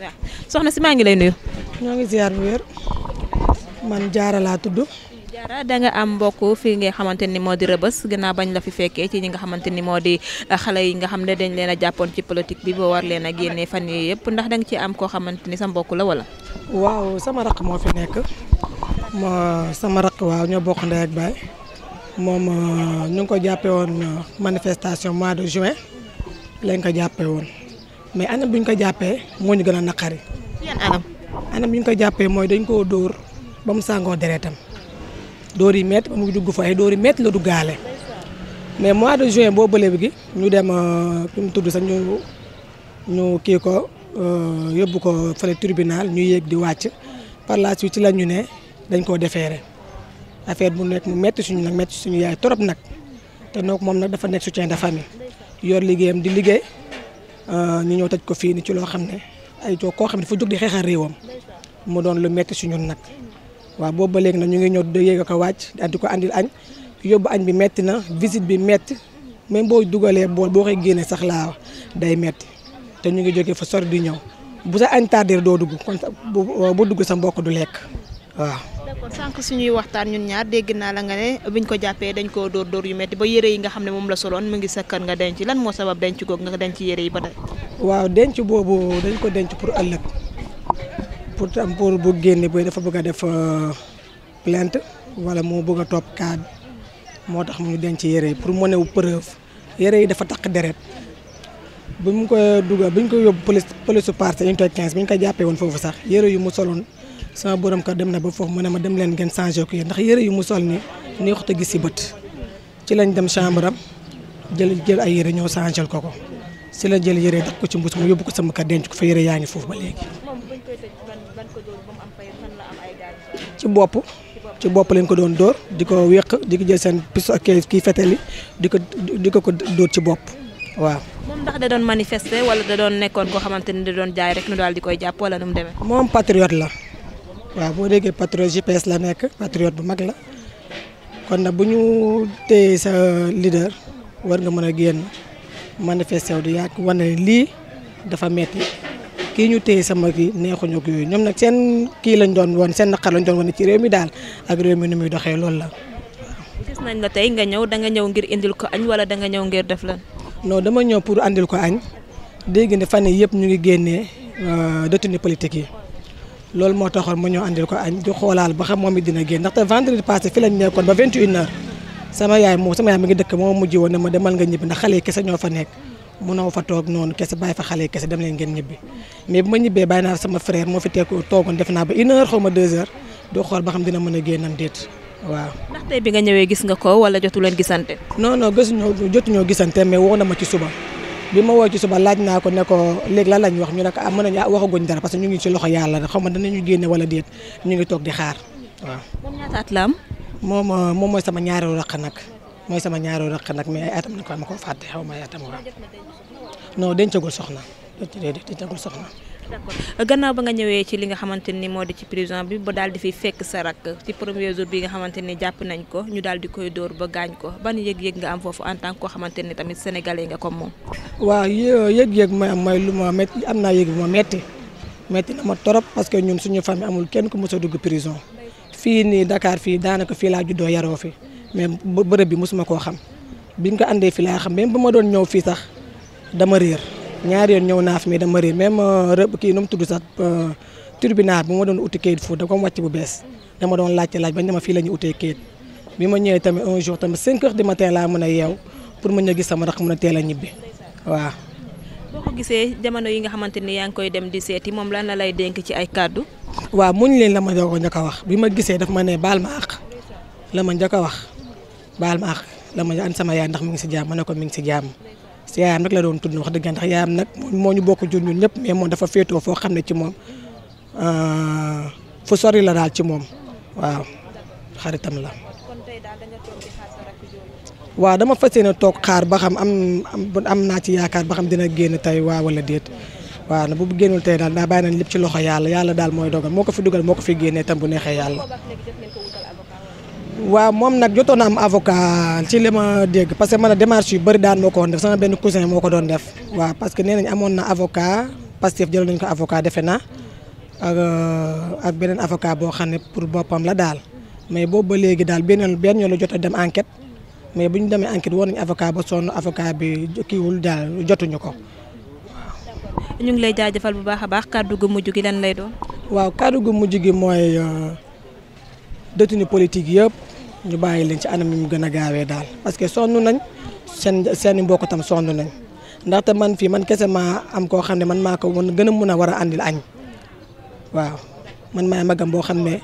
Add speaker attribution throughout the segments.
Speaker 1: waaw
Speaker 2: soxna si maa ngi lay nuyu.
Speaker 1: ñoo ngi ziar bu wér man jaara laa tudd.
Speaker 2: jaara da am mbokk fii nga xamante ni moo di rëbës gannaaw bañ la fi fekkee ci ñi nga xamante ni moo di xale yi nga xam ne dañ leen a jàppoon ci politique bi boo war leen a génnee fan yii yëpp ndax da nga ci am koo xamante ni sa mbokk la wala.
Speaker 1: waaw sama raq moo fi nekk ma sama raq waaw ñoo bokk ndey ak baay moom euh, ñu ngi ko jàppee woon euh, manifestation mois de juin lañ ko jàppee woon. mais anam bi ñu ko jàppee moo ñu gën a naqari. yan bi ñu ko jàppee mooy dañ koo dóor ba mu sàngoo deretam dóor yi métti ba mu dugg fa ay dóor yi métti la duggaale mais mois de juin boo bële gi ñu dem euh, fi mu tudd sax ñu ñu kii ko euh, yóbbu ko fële tribunal ñu yéeg di wàcc par la suite ci la ñu ne dañ koo defeere affaire bu nekk mu métti suñu nag metti suñu yaay torop nag te noog moom nag dafa nekk soutien de famille yor liggéeyam di liggéey. Euh, ñu ñëw tëj ko fii ni ci loo xam ne ay joo koo xam ne dafa jóg di xeexal réewam mu doon lu metti si ñun nag waaw boobu ba léegi nag ñu ngi ñëw di yéeg ko wàcc daal di ko andil añ yóbbu añ bi metti na visite bi metti même boo dugalee bool boo koy génnee sax laa day metti te ñu ngi jógee fa sori di ñëw bu sa añ tardir doo dugg kon bu dugg sa mbokk du lekk waaw
Speaker 2: d'accord sànq suñuy waxtaan
Speaker 1: ñun ñaar dégg naa la nga ne
Speaker 2: biñ ko jàppee dañ ko dóor dóor yu metti ba yére yi nga xam ne moom la soloon mu ngi sa kër nga denc lan moo sabab denc goog nga denc yére yi ba tey
Speaker 1: waaw denc boobu dañ ko denc pour ëllëg pour tam pour bu génne boy dafa bëgg a def euh, plainte wala moo bëgg a topp cas moo tax mu denc yére yi pour mu wu preuve yére yi dafa taq deret bu mu ko dugal bu ñu ko yóbbu police police su parcelle unité 15 bu ñu ko jàppee woon foofu sax yére yu mu soloon sama borom kër dem na ba foofu mu ne ma dem leen ngeen changé ko yéen ndax yére yu mu sol ni ni waxta gis si bët ci lañ dem chambre am jël jël ay yére ñoo changé ko ko si la jël yére def ko ci mbuus mu yóbbu ko sama kër denc ko fa yére yaa ngi foofu ba léegi. ci bopp ci bopp lañ ko doon dóor di ko wéq di ko jël seen piste ak kii fetali di ko di ko ko dóor ci bopp waaw.
Speaker 2: moom ndax da doon manifester wala da doon nekkoon koo xamante ni da doon jaay rek nu daal di koy jàpp wala nu mu
Speaker 1: demee. la. waaw boo déggee patriote GPS la nekk patriote bu mag la kon nag bu ñu téye sa leader war nga mën a génn manifester du yàgg wane lii dafa metti kii ñu téye sama kii neexuñu ak yooyu ñoom nag seen kii lañ doon woon seen naqar lañ doon woon ci réew mi daal ak réew mi ni muy doxee loolu la.
Speaker 2: gis nañ tey nga ñëw danga ñëw ngir indil ko añ wala da nga ñëw ngir def
Speaker 1: lan. noonu dama ñëw pour indil ko añ dégg ne fan yii yëpp ñu ngi génnee euh, détenu politique yi. loolu moo taxoon ma ñëw andil ko añ di xoolaal ba xam moom it dina génn ndaxte vendredi passé fi lañ nekkoon ba 21h sama yaay moom sama yaay mi ngi dëkk moo mujj woon ne ma demal nga ñibbi ndax xale yi kese ñoo nekk munoo fa kese bàyyi fa xale kese dem leen ngeen ñibbi mais bu ma ñibbee bàyyi naa sama frère moo fi teeku toogoon def naa ba une heure xaw ma deux heures xam dina mën a génnam déet waaw.
Speaker 2: ndax tey bi nga ñëwee gis nga ko wala jotu leen gisante.
Speaker 1: non non gisuñoo jotuñoo gisante mais woo na ma ci suba. bi ma woo ci suba laaj naa ko ne ko léegi lan lañ wax ñu ne ko ah mën a ah waxaguñ dara parce que ñu ngi ci loxo yàlla xaw ma danañu génne wala déet ñu ngi toog di xaar waaw. moom at la am. moom moom mooy sama ñaareelu rakk nag mooy sama ñaareelu rakk nag mais ay atam nag ma ko fàtte xaw ma ay atam waaw non dencagul soxna déedéet dencagul soxna.
Speaker 2: d'accord gannaaw ba nga ñëwee ci li nga xamante ni moo di ci prison bi ba daal di fi fekk sa rakk ci premier jour bi nga xamante ni jàpp nañ ko ñu daal di koy dóor ba gaañ ko ban yëg-yëg nga am foofu en tant que koo xamante ni tamit sénégalais nga ko moom.
Speaker 1: waaw yëg-yëg ma am mooy lu ma métti am naa yëg bu ma métti métti na ma torop parce que ñun suñu famille amul kenn ko mësa dugg prison fii nii ndakaar fii daanaka fii laa juddoo yaroo fi mais bërëb bi mësuma koo xam biñ ko andee fii laa xam même ba ma doon ñëw fii sax dama réer. ñaari yoon ñëw naa fi mais dama réer même euh, rëbb kii nu mu tudd sax euh, tribunal bu ma doon uti kayit foofu da bu bees dama doon laajte laaj bañ dama fii la ñu utee kayit bi ma ñëwee tamit un jour tamit 5 heures du matin laa mën a yeew pour ma ñëw gis sama rax mën a teel a ñibbi waaw.
Speaker 2: boo gisee jamono yi nga xamante ni yaa ngi koy dem di seeti moom lan la lay dénk ci ay kàddu.
Speaker 1: waaw muñ leen la ma doon njëkk a wax bi ma gisee dafa ma ne baal ma àq la ma njëkk a wax baal ma àq la ma an sama yaay ndax mu ngi si jàmm ma ne ko mi ngi si jàmm. si yaayam nag la doon tudd wax dëgg ndax yaayam nag moo ñu bokk jur ñun ñëpp mais moom dafa féetoo foo xam ne ci moom euh, fu sori la daal ci moom waaw xaritam la. waaw dama fas yéene toog xaar ba xam am am naa ci yaakaar ba xam dina génn tey waa wala déet waaw na bu génnul tey daal daa bàyyi nañ lépp ci loxo yàlla yàlla daal mooy dogal moo ko fi dugal moo ko fi génnee tam bu neexee yàlla. waaw moom nag jotoon na am avocat ci li ma dégg parce que man a démarche yu bëri daan moo ko woon def sama benn cousin moo ko doon def waaw parce que nee nañ amoon na avocat Pastef jël nañ ko avocat defe na ak euh, ak beneen avocat boo xam ne pour boppam la daal mais boobu ba léegi daal beneen benn yoon la jot a dem enquête mais bu ñu demee enquête woon nañu avocat ba sonn avocat bi kiiwul daal jotuñu ko.
Speaker 2: ñu ngi lay jaajëfal bu baax a baax kàddu gu mujj gi lan lay doon.
Speaker 1: waaw kàddu mujj gi mooy euh, détenu politique yëpp. ñu bàyyi leen ci anam yi mu gën a gaawee daal parce que sonn nañ seen seen i mbokk tam sonn nañ ndaxte man fii man kese maa am koo xam ne man maa ko mën gën a mun a war a àndil añ waaw man maay magam boo xam ne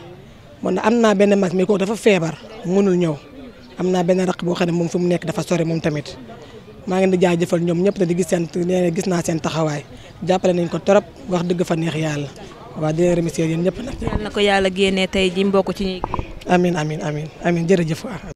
Speaker 1: man am naa benn mag mais kooku dafa feebar mënul ñëw am naa benn raq boo xam ne moom fi mu nekk dafa sore moom tamit maa ngi leen di jaajëfal ñoom ñëpp te di gis seen gis naa seen taxawaay jàppale nañ ko trop wax dëgg fa neex yàlla. waaw di leen remercier yéen ñëpp
Speaker 2: na ko yàlla génnee tey ji mbokk ci ñi.
Speaker 1: amiin amiin amiin amiin jërëjëf waaw.